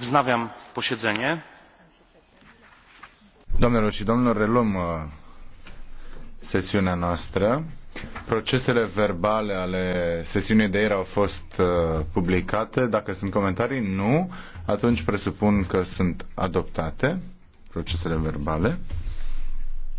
wznawiam posiedzenie. doamnelor și domnilor reluăm uh, sesiunea noastră. Procesele verbale ale sesiunii de ieri au fost uh, publicate. Dacă sunt comentarii, nu. Atunci presupun că sunt adoptate procesele verbale.